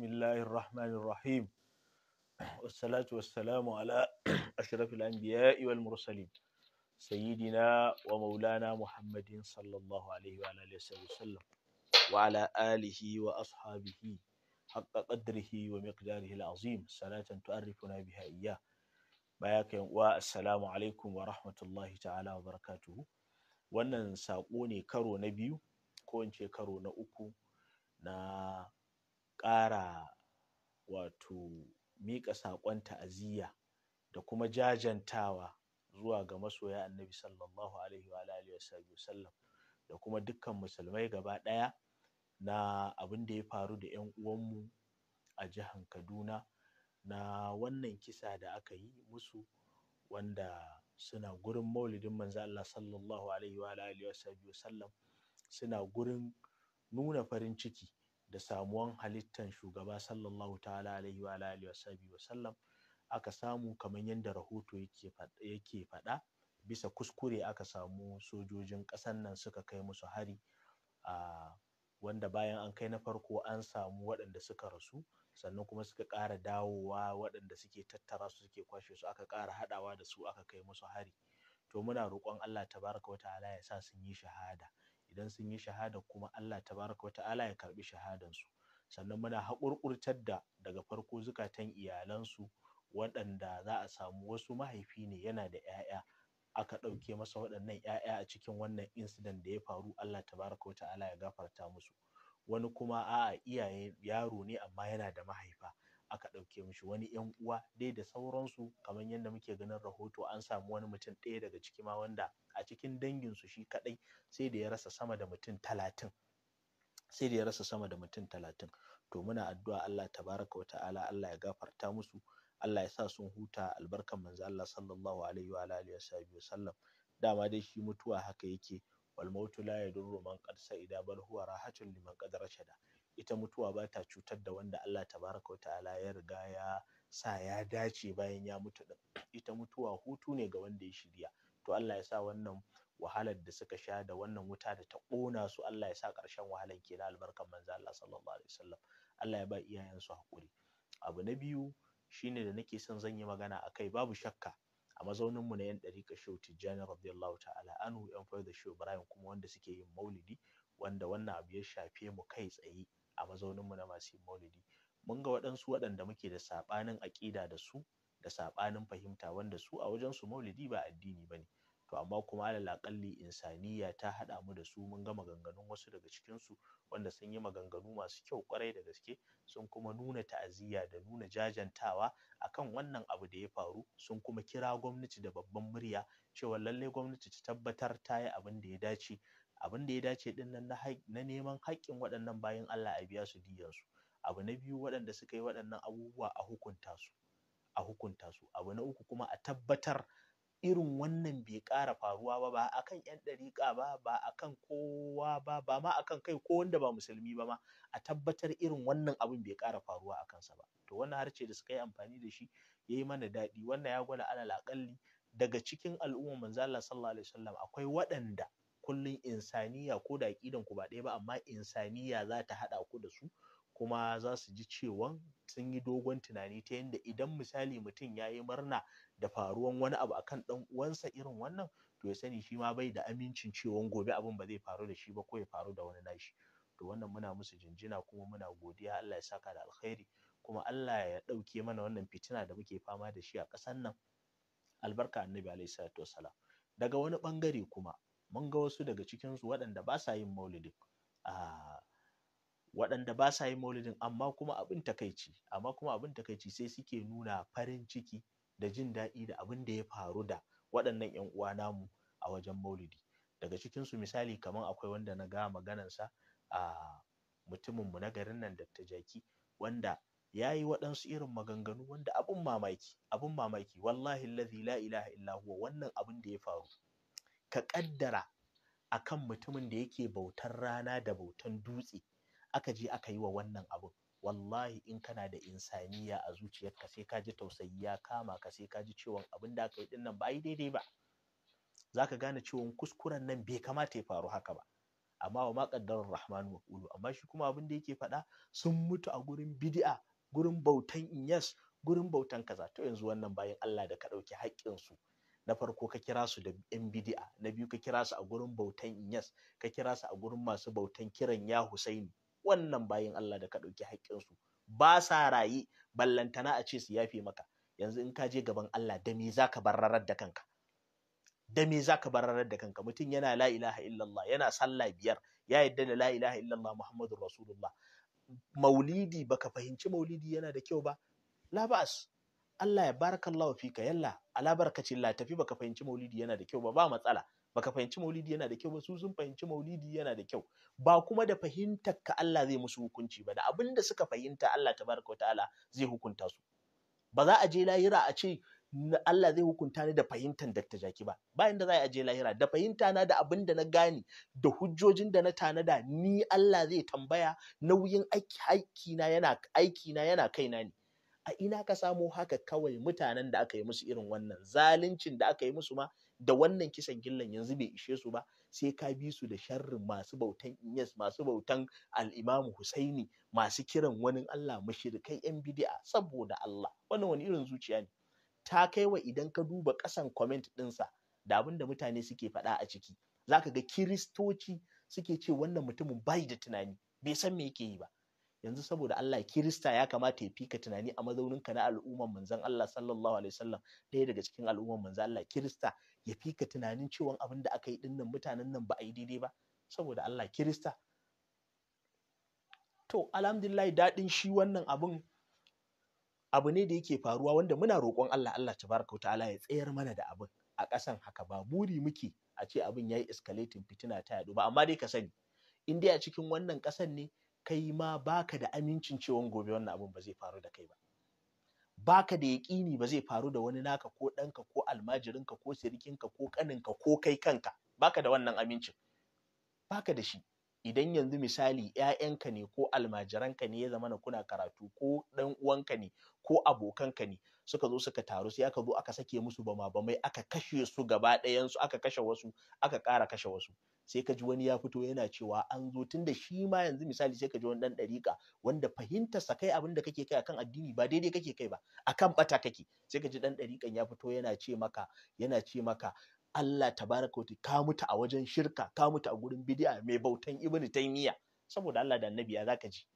bismillahir rahmanir rahim ashrafil anbiya'i wal mursalin sayyidina wa maulana muhammadin sallallahu ala alihi wa ashabihi haqqa wa miqdarihi al'azim salatan tu'arrifuna biha iyyah baya ka alaikum wa rahmatullahi ta'ala wa wannan saƙo ne karo na biyu ko karo na uku na ƙara wato miƙa saƙon ta'aziyya da kuma jajantawa zuwa ga masoya annabi sallallahu alaihi wa alihi wasallam da kuma dukkan musulmai gaba ɗaya na abin da ya faru da 'yan uwanmu a jihar kaduna na wannan kisa da aka yi musu wanda suna gurin maulidin manzo Allah sallallahu alaihi wa alihi wasallam suna gurin nuna farin ciki da samuwan halittan shugaba sallallahu ta'ala alaihi wa alihi wa sallam aka samu kamar yadda rahoto yake faɗa bisa kuskure aka samu sojojin ƙasar nan suka kai musu hari a wanda bayan an kai na farko an samu waɗanda suka rasu sannan kuma suka ƙara dawowa waɗanda suke tattara su suke kwashe su aka ƙara haɗawa da su aka kai musu hari to muna roƙon Allah tabaraka wa ta'ala ya sa sun yi shahada idan sun yi shahada kuma Allah tabaraka wa ta'ala ya karbi shahadansu sannan muna haƙurƙurtar da daga farko zukatan iyalansu waɗanda za a samu wasu mahaifi ne yana da 'ya'ya aka ɗauke masa waɗannan 'ya'ya a cikin wannan incident da ya faru Allah tabaraka wa ta'ala ya gafarta musu wani kuma a'a iyaye yaro ne amma yana da mahaifa aka ɗauke mishi wani yan uwa dai da sauransu kamar yadda muke ganin rahoto an samu wani mutum ɗaya daga ciki ma wanda a cikin danginsu shi kaɗai sai da ya rasa sama da mutum talatin sai da ya rasa sama da mutum talatin to muna addu'a Allah tabaraka wa ta'ala Allah ya gafarta musu Allah ya sa sun huta albarkan manzo Allah sallallahu alaihi wa alihi wa sallam dama dai shi mutuwa haka yake wal mautu la yadurru man qad sa'ida bal huwa rahatun liman qad rashada ita mutuwa ba ta cutar da wanda Allah tabaraka ta'ala ya riga ya sa ya dace bayan ya mutu din ita mutuwa hutu ne ga wanda ya shirya to Allah ya sa wannan wahalar da suka sha da wannan wuta da ta ƙona su Allah ya sa ƙarshen wahalar ke albarkar albarkan manzo Allah sallallahu alaihi wasallam Allah ya ba iyayensu hakuri abu na biyu shine da nake son zan yi magana a kai. babu shakka a mazaunin mu na yan dariƙa show Tijjani radiyallahu ta'ala anhu yan fayar da Ibrahim kuma wanda suke yin maulidi wanda wannan abu ya shafe mu kai tsaye a mazauninmu na masu yin maulidi mun ga waɗansu waɗanda muke da saɓanin aƙida da su da saɓanin fahimta wanda su a wajen su maulidi ba addini ba ne to amma kuma alal aƙalli insaniya ta haɗa mu da su mun ga maganganun wasu daga cikinsu wanda sun yi maganganu masu kyau ƙwarai da gaske sun kuma nuna ta'aziyya da nuna jajantawa akan wannan abu da ya faru sun kuma kira gwamnati da babban murya cewa lallai gwamnati ta tabbatar ta yi abin da ya dace abin da ya dace din nan na neman haƙƙin waɗannan bayan Allah a biya su su, abu na biyu waɗanda suka yi waɗannan abubuwa a hukunta su a hukunta su abu na uku kuma a tabbatar irin wannan bai ƙara faruwa ba ba akan yan ɗariƙa ba ba akan kowa ba ba ma akan kai ko wanda ba musulmi ba ma a tabbatar irin wannan abin bai ƙara faruwa a kansa ba to wannan harce da suka yi amfani da shi ya yi mana daɗi wannan ya gwada alal daga cikin al'ummar manzo Allah sallallahu alaihi wasallam akwai waɗanda Kullum insaniya ko da aƙidan ku ba ɗaya ba amma insaniya za ta haɗa ku da su kuma za su ji cewan sun yi dogon tunani ta yadda idan misali mutum ya yi murna da faruwan wani abu a kan ɗan uwansa irin wannan to ya sani shi ma bai da amincin cewa gobe abin ba zai faru da shi ba ko ya faru da wani nashi to wannan muna musu jinjina kuma muna godiya Allah ya saka da alkhairi kuma Allah ya ɗauke mana wannan fitina da muke fama da shi a ƙasan nan albarka annabi alaihi salatu daga wani ɓangare kuma mun ga wasu daga cikinsu waɗanda ba sa yin maulidin waɗanda ba sa yin maulidin amma kuma abin takaici amma kuma abin takaici sai suke nuna farin ciki da jin daɗi da abin da ya faru da waɗannan 'yan uwa namu a wajen maulidi daga cikinsu misali kamar akwai wanda na ga maganansa a mu na garin nan da Jaki wanda ya yi waɗansu irin maganganu wanda abin mamaki abin mamaki wallahi lazi la ilaha illa huwa wannan abin da ya faru ka ƙaddara a kan mutumin da yake bautar rana da bautan dutse aka je aka yi wa wannan abun wallahi in kana da insaniya a zuciyarka sai ka ji tausayi ya kama ka sai ka ji ciwon abin da aka yi dinnan ba yi daidai ba za ka gane ciwon kuskuren nan bai kamata ya faru haka ba amma wa maƙaddarar rahmanu maƙulu amma shi kuma abin da yake faɗa sun mutu a gurin bidi'a gurin bautan inyas gurin bautan kaza to yanzu wannan bayan Allah da ka ɗauki haƙƙinsu na farko ka kira su da yan bid'a na biyu ka kira su a gurin bautan inyas ka kira su a gurin masu bautan kiran ya husaini wannan bayin Allah da ka ɗauki haƙƙinsu ba sa rayi ballantana a ce su yafe maka yanzu in ka je gaban Allah da me za ka barrarar da kanka da me za ka barrarar da kanka mutum yana la ilaha illallah yana sallah biyar ya yadda da la ilaha illallah muhammadur rasulullah maulidi baka fahimci maulidi yana da kyau ba la ba'as Allah ya Allah fi ka yalla ala barkacin ce tafi baka fahimci maulidi yana da kyau ba ba matsala baka fahimci maulidi yana da kyau ba su sun fahimci maulidi yana da kyau ba kuma da fahimtar ka Allah zai musu hukunci ba da abin da suka fahimta Allah tabaraka ala zai hukunta su ba za a je lahira a ce Allah zai hukunta ni da fahimtar Dr. Jaki ba bayan da za a je lahira da fahimta na da abin da na gane da hujjojin da na tanada ni Allah zai tambaya nauyin aiki na yana aiki na yana kaina ne a ina ka samo haka kawai mutanen da aka yi musu irin wannan zaluncin da aka yi musu ma da wannan kisan gillan yanzu bai ishe su ba sai ka bi su da sharrin masu bautan inyas masu bautan al'imamu husaini masu kiran wani allah mashirikai yan bidi'a saboda allah wannan wani irin zuciya ne ta kai wa idan ka duba ƙasan comment ɗinsa da abinda mutane suke faɗa a ciki zaka ga kiristoci suke ce wannan mutumin bai da tunani bai san me yake yi ba yanzu saboda Allah kirista ya kamata ya fika tunani a mazaunin ka na al'ummar manzon Allah sallallahu alaihi wasallam ɗaya daga cikin al'umman manzon Allah kirista ya fika tunanin cewa abin da aka yi dinnan mutanen nan ba a yi daidai ba saboda Allah kirista to alhamdulillah daɗin shi wannan abun abu ne da yake faruwa wanda muna roƙon Allah Allah tabaraka ta'ala ya tsayar mana da abin a ƙasan haka ba buri muke a ce abin yayi escalating fitina ta yadu ba amma dai ka sani Indiya a cikin wannan ƙasan ne kai ma baka da amincin cewa gobe wannan abun ba zai faru da kai ba baka da yaƙini ba zai faru da wani naka ko ɗanka ko almajirinka ko sirikinka ko ƙaninka ko kai kanka baka da wannan amincin baka da shi idan yanzu misali ‘ya'yanka ne ko almajiranka ne ya zama na kuna karatu ko ɗan uwanka ne ko abokanka ne suka zo suka taru sai aka zo aka sake musu bama bamai aka kashe su gaba ɗayan su aka kashe wasu aka ƙara kashe wasu sai ka ji wani ya fito yana cewa an zo tun da shi ma yanzu misali sai ka ji wani ɗan ɗariƙa wanda fahimtar sa kai abin da kake kai akan addini ba daidai kake kai ba akan bata kake sai ka ji ɗan ɗariƙan ya fito yana ce maka yana ce maka Allah tabaraka wa ka mutu a wajen shirka ka mutu a gurin bid'a mai bautan ibnu taymiya saboda Allah da annabi ya zaka ji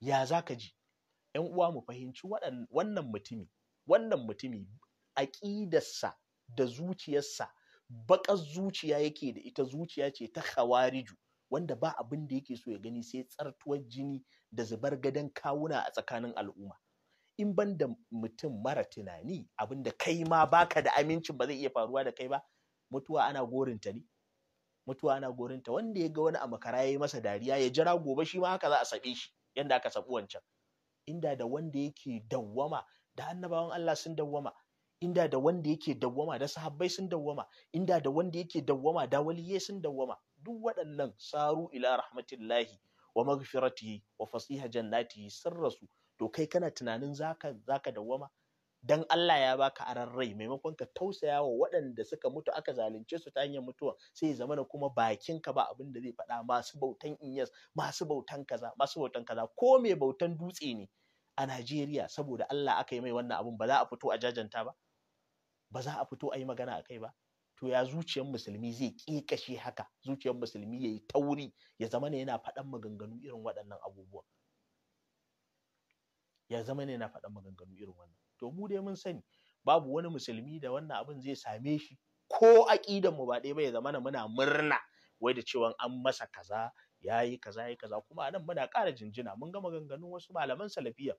ya zaka ji 'yan uwa mu fahimci wannan mutumi wannan mutumi aƙidarsa da zuciyarsa baƙar zuciya yake da ita zuciya ce ta khawariju wanda ba abin da yake so ya gani sai tsartuwar jini da zubar gadon kawuna a tsakanin al'umma in ban da mutum mara tunani abin da kai ma baka da amincin ba zai iya faruwa da kai ba mutuwa ana gorinta ne mutuwa ana gorinta wanda ya ga wani a makara ya yi masa dariya ya jira gobe shi ma haka za a saɓe shi yadda aka saɓi wancan inda da wanda yake dawwama da annabawan Allah sun dawwama inda da wanda yake dawwama da sahabbai sun dawwama inda da wanda yake dawwama da waliyai sun dawwama duk waɗannan saru ila rahmatillahi wa maghfiratihi wa fasiha jannatihi sun rasu to kai kana tunanin zaka zaka dawwama dan Allah ya baka aran rai maimakon ka tausaya wa waɗanda suka mutu aka zalunce su ta hanyar mutuwa sai zama na kuma bakin ka ba abin da zai faɗa masu bautan inyas masu bautan kaza masu bautan kaza ko mai bautan dutse ne a Najeriya saboda Allah aka yi mai wannan abun ba za a fito a jajanta ba ba za a fito a yi magana a kai ba to ya zuciyar musulmi zai ƙiƙashe haka zuciyar musulmi ya yi tauri ya zama ne yana faɗan maganganu irin waɗannan abubuwa ya zama ne yana faɗan maganganu irin wannan to mu dai mun sani babu wani musulmi da wannan abun zai same shi ko aƙidan mu ba ɗaya ba ya zama muna murna wai da cewa an masa kaza yayi kaza yayi kaza kuma anan muna ƙara jinjina mun ga maganganun wasu malaman salafiya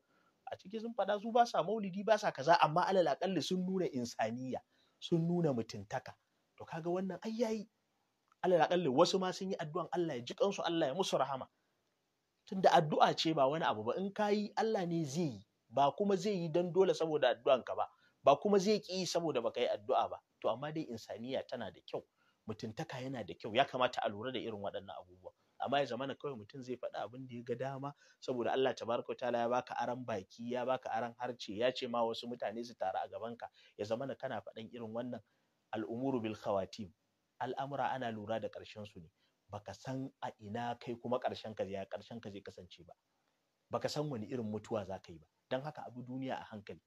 a ciki sun faɗa su basa sa maulidi ba kaza amma alal aƙalli sun nuna insaniya sun nuna mutuntaka to kaga wannan ai yayi alal aƙalli wasu ma sun yi addu'an Allah ya ji kansu Allah ya musu rahama tunda addu'a ce ba wani abu ba in kayi Allah ne zai yi ba kuma zai yi dan dole saboda addu'an ka ba ba kuma zai ki saboda baka yi addu'a ba to amma dai insaniya tana da kyau mutuntaka yana da kyau ya kamata a lura da irin waɗannan abubuwa amma ya zamana kawai mutum zai faɗi abin da ya ga dama saboda Allah tabaraka ta'ala ya baka aran baki ya baka aran harce ya ce ma wasu mutane su taru a gabanka ya zamana kana faɗan irin wannan al'umuru bil khawatim al'amura ana lura da ƙarshen su ne baka san a ina kai kuma ƙarshen ka ya ƙarshen ka zai kasance ba baka san wani irin mutuwa za ka yi ba don haka abu duniya a hankali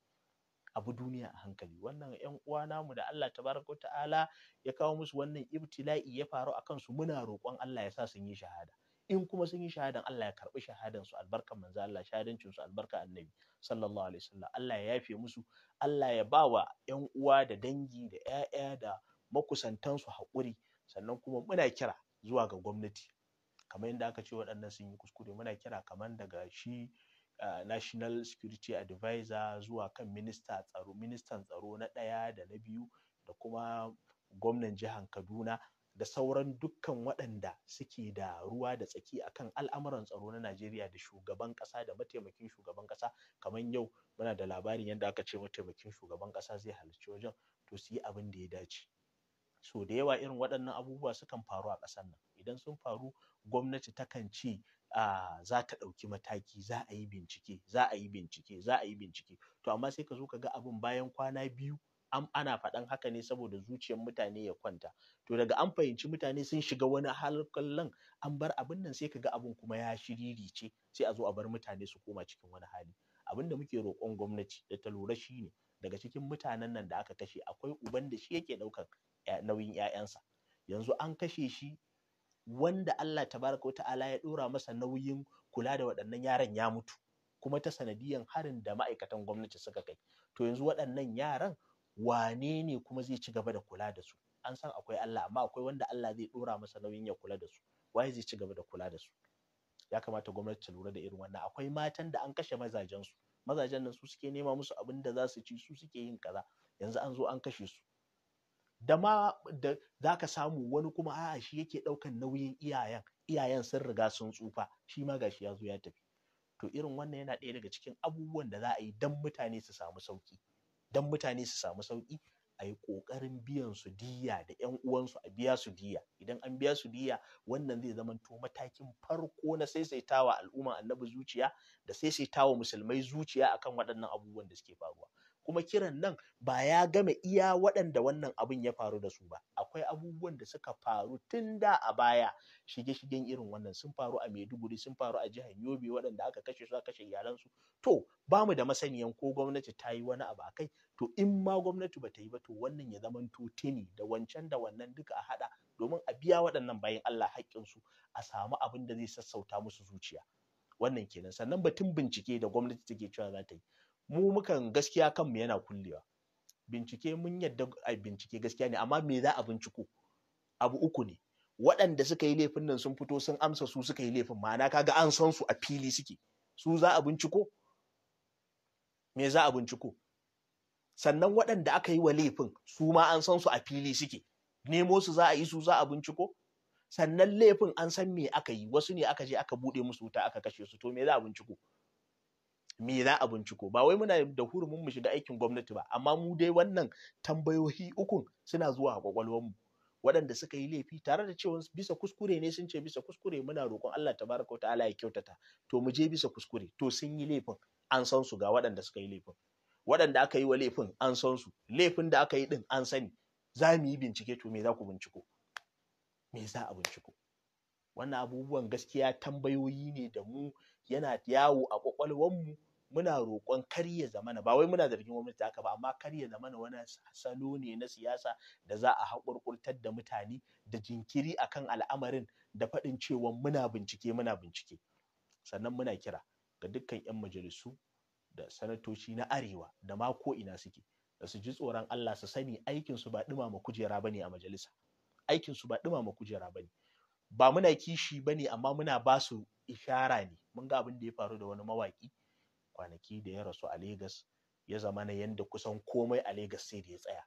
abu duniya a hankali wannan ƴan uwa namu da Allah tabaraka ta'ala ya kawo musu wannan ibtila'i ya faru a kansu muna roƙon Allah ya sa sun yi shahada in kuma sun yi shahadan Allah ya karɓi shahadan su albarkan manzo Allah shahadancin su albarka annabi sallallahu alaihi wasallam Allah ya yafe musu Allah ya bawa ƴan uwa da dangi da ƴaƴa da makusantan su haƙuri sannan kuma muna kira zuwa ga gwamnati kamar yadda aka ce waɗannan sun yi kuskure muna kira kamar daga shi Uh, national security advisor zuwa kan minista tsaro ministan tsaro na ɗaya da na biyu da kuma gwamnan jihar kaduna da sauran dukkan waɗanda suke da ruwa da tsaki akan al'amuran tsaro na najeriya da shugaban ƙasa da mataimakin shugaban ƙasa kamar yau muna da labarin yadda aka ce mataimakin shugaban ƙasa zai halarci wajen to su yi abin da ya dace so da yawa irin waɗannan abubuwa sukan faru a ƙasar nan idan sun faru gwamnati takan ce za ta ɗauki mataki za a yi bincike za a yi bincike za a yi bincike to amma sai ka zo ka ga abin bayan kwana biyu ana faɗan haka ne saboda zuciyar mutane ya kwanta to daga an fahimci mutane sun shiga wani halin an bar abin nan sai ka ga abin kuma ya shiriri ce sai a zo a bar mutane su koma cikin wani hali abin da muke roƙon gwamnati da ta lura shi ne daga cikin mutanen nan da aka kashe akwai uban da shi yake ɗaukan nauyin 'ya'yansa yanzu an kashe shi wanda Allah tabaraka wa ta'ala ya dora masa nauyin kula da waɗannan yaran ya mutu kuma ta sanadiyan harin da ma'aikatan gwamnati suka kai to yanzu waɗannan yaran wane ne kuma zai ci gaba da kula da su an san akwai Allah amma akwai wanda Allah zai dora masa nauyin ya kula da su waye zai ci gaba da kula da su ya kamata gwamnati ta lura da irin wannan akwai matan da an kashe mazajen su mazajen nan su suke nema musu abin da za su ci su suke yin kaza yanzu an zo an kashe su da ma da za ka samu wani kuma a shi yake ɗaukan nauyin iyayen iyayen sun riga sun tsufa shi ma gashi ya zo ya tafi to irin wannan yana ɗaya daga cikin abubuwan da za a yi don mutane su samu sauki don mutane su samu sauki a yi ƙoƙarin biyan su diya da ƴan uwansu a biya su diya idan an biya su diya wannan zai zama zamanto matakin farko na saisaitawa al'umma annabi zuciya da saisaitawa musulmai zuciya akan waɗannan abubuwan da suke faruwa kuma kiran nan ba ya game iya waɗanda wannan abin ya faru da su ba akwai abubuwan da suka faru tun da a baya shige-shigen irin wannan sun faru a Maiduguri sun faru a jihar Yobe waɗanda aka kashe su aka kashe iyalansu to ba mu da masaniyan ko gwamnati ta yi wani abu a kai, to in ma gwamnati ba ta yi ba to wannan ya zama tuni da wancan da wannan duka a haɗa domin a biya waɗannan bayan Allah su a samu abin da zai sassauta musu zuciya wannan kenan sannan batun bincike da gwamnati take cewa za ta yi mu mukan gaskiya kanmu yana kullewa bincike mun yadda a bincike gaskiya ne amma me za a binciko abu uku ne waɗanda suka yi laifin nan sun fito sun amsa su suka yi laifin ma'ana kaga an san su a fili suke su za a binciko me za a binciko sannan waɗanda aka yi wa laifin su ma an san su a fili suke nemo su za a yi su za a binciko sannan laifin an san me aka yi wasu ne aka je aka buɗe musu wuta aka kashe su to me za a binciko me za a binciko ba wai muna da hurumin mu shiga aikin gwamnati ba amma mu dai wannan tambayoyi ukun suna zuwa a kwakwalwar mu waɗanda suka yi laifi tare da cewa bisa kuskure ne sun ce bisa kuskure muna roƙon Allah tabaraka ta'ala ya kyautata to mu je bisa kuskure to sun yi laifin an san su ga waɗanda suka yi laifin waɗanda aka yi wa laifin an san su laifin da aka yi din an sani za mu yi bincike to me za ku binciko me za a binciko wannan abubuwan gaskiya tambayoyi ne da mu yana yawo a mu muna roƙon kar zamana ba wai muna zargin gwamnati haka ba amma kar zamana wani salo ne na siyasa da za a haƙurƙurtar da mutane da jinkiri a kan al'amarin da faɗin cewa muna bincike muna bincike sannan muna kira ga dukkan 'yan majalisu da sanatoci na arewa da ma ko ina suke da su ji tsoron Allah su sani aikin su ba ɗumama kujera bane a majalisa aikin su ba ɗumama kujera bane ba muna kishi bane amma muna ba su ishara ne mun ga abin da ya faru da wani mawaki kwanaki da ya rasu a Legas ya zamana na yanda kusan komai a Legas sai da ya tsaya.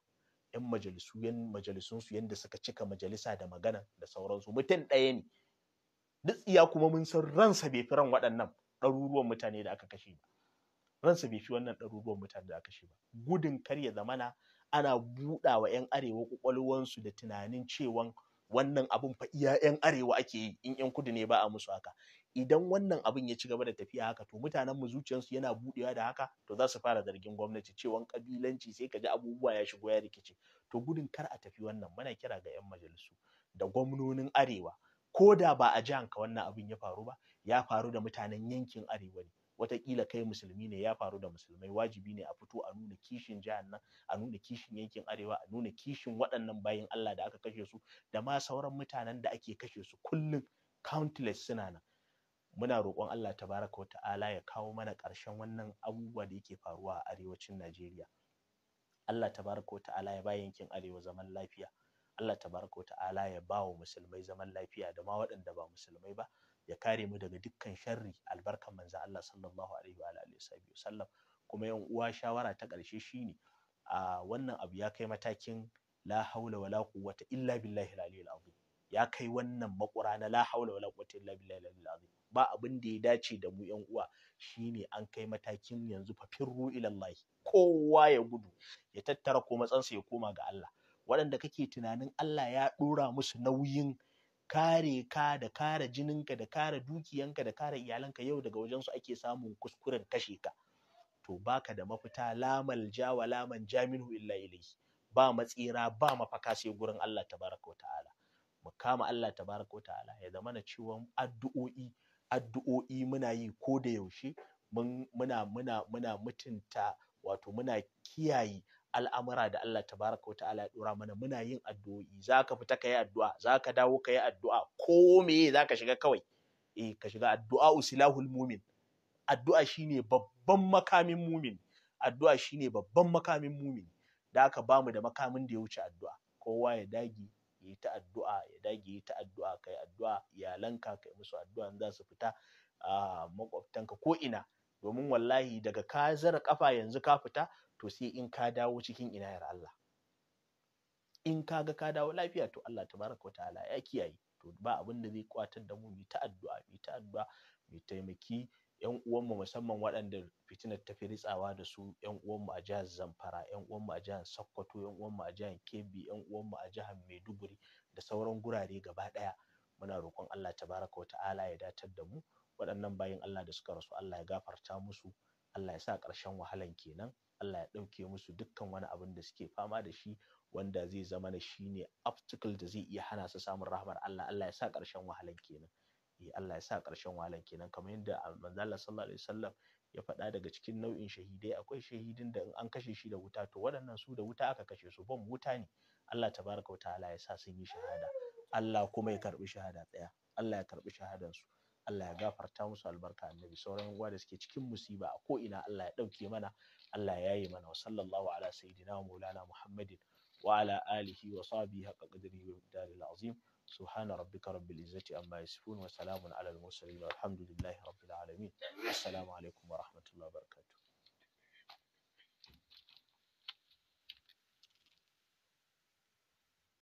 'Yan majalisu yan majalisunsu yanda suka cika majalisa da magana da sauransu mutum ɗaya ne. Duk kuma mun san ransa bai fi ran waɗannan ɗaruruwan mutane da aka kashe ba. Ransa bai fi wannan ɗaruruwan mutane da aka kashe ba. Gudun kar ya zamana ana buɗa wa 'yan arewa su da tunanin cewan wannan abun fa iya 'yan arewa ake yi in 'yan kudu ne ba a musu haka idan wannan abin ya ci gaba da tafiya haka to mutanen mu zuciyarsu yana budewa da haka to za su fara zargin gwamnati cewan kabilanci sai ka ji abubuwa ya shigo ya rikice to gudun kar a tafi wannan muna kira ga yan majalisu da gwamnonin arewa ko da ba a ka wannan abin ya faru ba ya faru da mutanen yankin arewa ne watakila kai musulmi ne ya faru da musulmai wajibi ne a fito a nuna kishin jihar nan a nuna kishin yankin arewa a nuna kishin waɗannan bayin Allah da aka kashe su da ma sauran mutanen da ake kashe su kullum countless suna nan muna roƙon Allah tabaraka wa ta'ala ya kawo mana ƙarshen wannan abubuwa da yake faruwa a arewacin Najeriya Allah tabaraka wa ta'ala ya ba yankin arewa zaman lafiya Allah tabaraka wa ta'ala ya ba wa musulmai zaman lafiya da ma waɗanda ba musulmai ba ya kare mu daga dukkan sharri albarkan manzon Allah sallallahu alaihi wa alihi wasallam kuma yan uwa shawara ta ƙarshe shine a wannan abu ya kai matakin la haula wala quwwata illa billahi al-aliyyil azim ya kai wannan maƙura na la haula wala quwwata illa billahi al-aliyyil azim ba abin da ya dace da mu yan uwa shine an kai matakin yanzu fafirru, firru ilallahi kowa ya gudu ya tattara ko matsansa ya koma ga Allah waɗanda kake tunanin Allah ya ɗora musu nauyin kare ka da kare jininka da kare dukiyanka da kare iyalanka yau daga wajen su ake samun kuskuren kashe ka to baka da mafita lamal ja wa laman jaminu illa ilayhi ba matsira ba mafaka sai gurin Allah tabaraka wa ta'ala mu kama Allah tabaraka wa ta'ala ya zamana cewa addu'o'i addu'o'i muna yi ko da yaushe mun muna muna muna mutunta wato muna kiyaye al'amura da Allah tabaraka wa ta'ala ya dora mana muna yin addu'o'i zaka fita yi addu'a zaka dawo yi addu'a ko meye zaka shiga kawai eh ka shiga addu'a usilahul mumin addu'a shine babban makamin mumin addu'a shine babban makamin mumin da aka bamu da makamin da ya wuce addu'a kowa ya dage yi ta addu'a ya dage yi ta addu'a kai addu'a iyalanka kai musu addu'a za su fita a makwabtanka ko ina domin wallahi daga ka zara kafa yanzu ka fita to sai in ka dawo cikin inayar Allah in ka ga ka dawo lafiya to Allah tabaraka ta'ala ya kiyaye to ba abin da zai kwatar da mu mu ta addu'a mu ta addu'a mu taimaki yan uwanmu musamman waɗanda fitinar ta fi ritsawa da su yan uwanmu a jihar Zamfara yan uwanmu a jihar Sokoto yan uwanmu a jihar Kebbi yan uwanmu a jihar Maiduguri da sauran gurare gaba ɗaya muna roƙon Allah tabaraka wa ta'ala ya datar da mu waɗannan bayin Allah da suka rasu Allah ya gafarta musu Allah ya sa ƙarshen wahalan kenan Allah ya ɗauke musu dukkan wani abin da suke fama da shi wanda zai zama na ne, obstacle da zai iya hana su samun rahmar Allah Allah ya sa ƙarshen wahalan kenan Eh, Allah ya sa ƙarshen wahalan kenan kamar yadda ah, manzo Allah sallallahu alaihi wasallam ya faɗa daga cikin nau'in shahidai akwai shahidin da in an kashe shi da wuta to waɗannan su da wuta aka kashe su ban wuta ne Allah tabaraka wa ta'ala ya sa sun yi shahada Allah kuma ya karɓi shahada ɗaya Allah ya karɓi shahadan su Allah ya gafarta musu albarka annabi sauran uwa da suke cikin musiba a ko ina Allah ya ɗauke mana Allah ya yi mana wa sallallahu ala sayyidina wa maulana Muhammadin wa ala alihi wa sahbihi haqqa qadrihi wa dalil azim subhana rabbika rabbil izzati amma yasifun wa salamun alal mursalin walhamdulillahi rabbil alamin assalamu alaikum wa rahmatullahi wa